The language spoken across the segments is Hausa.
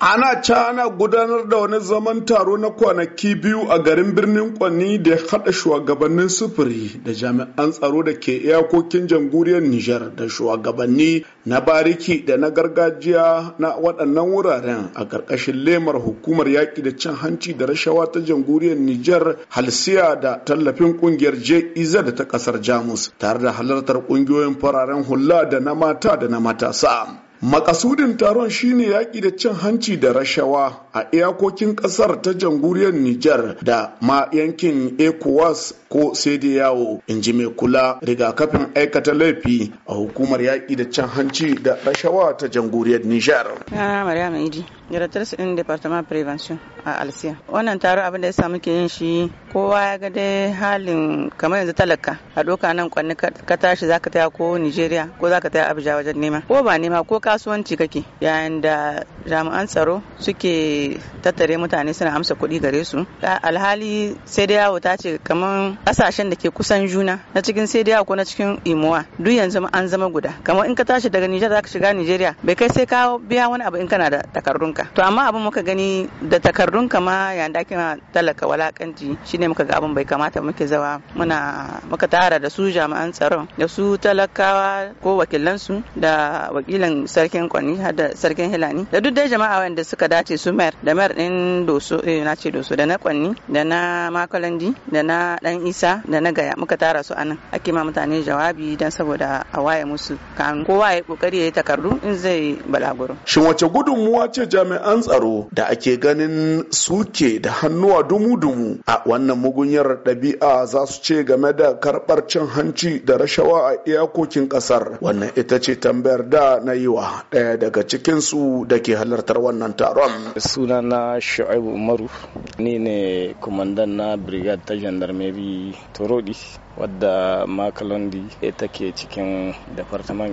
ana ca ana gudanar da wani zaman taro na kwanaki biyu a garin birnin kwanni da ya haɗa shugabannin sufuri da jami'an tsaro da ke iyakokin jamhuriyar nijar da shugabanni na bariki da na gargajiya na waɗannan wuraren a ƙarƙashin lemar hukumar yaƙi da cin hanci da rashawa ta jamhuriyar nijar halsiya da tallafin ƙungiyar jez da ta ƙasar jamus tare da halartar ƙungiyoyin fararen hula da na mata da na matasa Makasudin taron shine yaƙi da cin hanci da rashawa a iyakokin ƙasar ta jamhuriyar Nijar da ma yankin ECOWAS ko sai yawo in ji mai kula rigakafin aikata laifi a hukumar yaƙi da cin hanci da rashawa ta jamhuriyar Nijar. Ah, directrice din département prévention a alsiya wannan taro abin da ya samu ke yin shi kowa ya ga dai halin kamar yanzu talaka a doka nan kwanni ka tashi zaka taya ko nigeria ko zaka taya abuja wajen nema ko ba nema ko kasuwanci kake yayin da jami'an tsaro suke tattare mutane suna amsa kuɗi gare su alhali sai dai yawo ta ce kamar ƙasashen da ke kusan juna na cikin sai dai ko na cikin imuwa duk yanzu an zama guda kamar in ka tashi daga Nijar zaka shiga Nijeriya bai kai sai ka biya wani abu in kana da takardunka to amma abin muka gani da takardunka ma yanda kina talaka walakanci shine muka ga abin bai kamata muke zawa muna muka tara da su jami'an tsaron da su talakawa ko wakilansu da wakilan sarkin kwani har da sarkin hilani da duk dai jama'a wanda suka dace su mayar da mayar din doso eh, na ce doso da na kwanni da na makalandi da na dan isa da na gaya muka tara su anan ake ma mutane jawabi dan saboda a waye musu kan kowa ya kokari ya takardu in zai balaguro shin wace gudunmuwa ce jami'an tsaro da ake ganin suke da hannuwa dumu-dumu a wannan mugunyar ɗabi'a za su ce game da karɓar cin hanci da rashawa a iyakokin ƙasar wannan ita ce tambayar da na yi wa ɗaya daga cikinsu da ke halartar wannan taron. Sunana Shu'aibu Umaru, ni ne kumandan na Brigade ta Gendarmerie Torodi. wadda makalondi eh, take cikin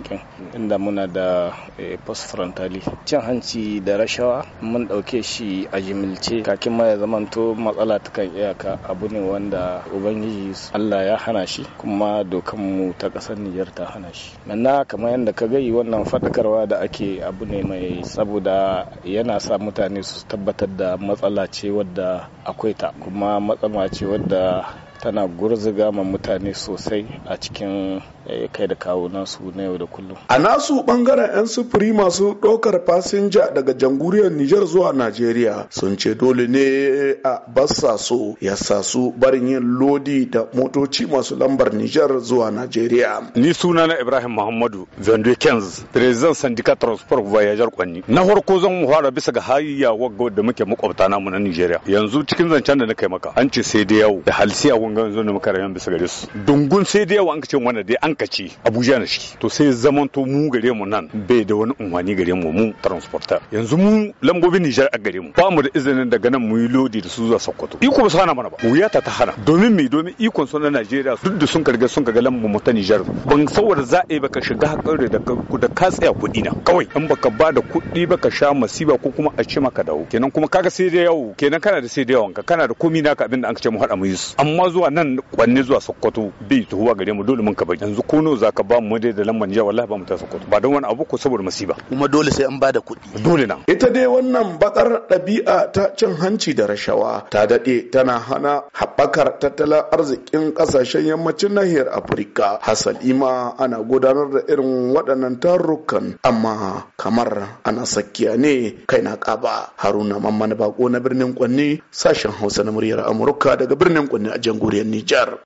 kin inda muna da eh, post frontali cin hanci da rashawa mun ɗauke shi a jimilce kakin ma ya zamanto matsala ta kan iyaka abu ne wanda ubangiji allah ya hana shi kuma mu ta ƙasar nijar ta hana shi na kamar yadda ka gai wannan fadakarwa da ake abu ne mai saboda yana sa mutane su tabbatar da matsala ce wadda akwai ta kuma matsala ce wadda tana gurzuga ma mutane sosai a cikin eh, kai da kawo nasu na yau da kullum. A nasu bangaren 'yan sufuri masu ɗaukar fasinja daga jamhuriyar Nijar zuwa Najeriya sun ce dole ne a basa so ya sa su barin yin lodi da motoci masu lambar Nijar zuwa Najeriya. Ni suna na Ibrahim Muhammadu Zando Kenz, President Sandika Transport Voyager Kwanni. Na farko zan mu fara bisa ga hayya wagga da muke makwabta namu na Nijeriya. Yanzu cikin zancen da na kai maka an ce sai da yau da halsi ga zo ne muka rayan bisa gare su dungun sai da yawa an kace wanda dai an kace Abuja na shi to sai zaman to mu gare mu nan bai da wani umwani gare mu mu transporter yanzu mu lambobin Nijar a gare mu ba mu da izinin daga nan mu yi lodi da su zuwa Sokoto iko ba su hana mana ba wuya ta ta hana domin me domin ikon su na Najeriya duk da sun karga sun kaga lambobin mu ta Nijar ban saboda za a baka shiga hakan da da ka tsaya kuɗi na kawai in baka ba da kuɗi baka sha masiba ko kuma a ce maka dawo kenan kuma kaga sai da yawo kenan kana da sai da kana da komi naka abin da an kace mu hada mu yi amma zuwa zuwa nan kwanne zuwa sokoto bai tuhuwa gare mu dole mun ka bai yanzu ko za ka ba mu dai da lamban jiya wallahi ba mu ta sokoto ba don wani abu ko saboda masiba kuma dole sai an bada kuɗi dole na ita dai wannan bakar ɗabi'a ta cin hanci da rashawa ta daɗe tana hana haɓakar tattalin arzikin ƙasashen yammacin nahiyar afirka hasali ma ana gudanar da irin waɗannan tarukan amma kamar ana sakiya ne kai na ƙaba haruna mamman bako na birnin kwanne sashen hausa na muryar amurka daga birnin kwanne a jango Urien Niyar.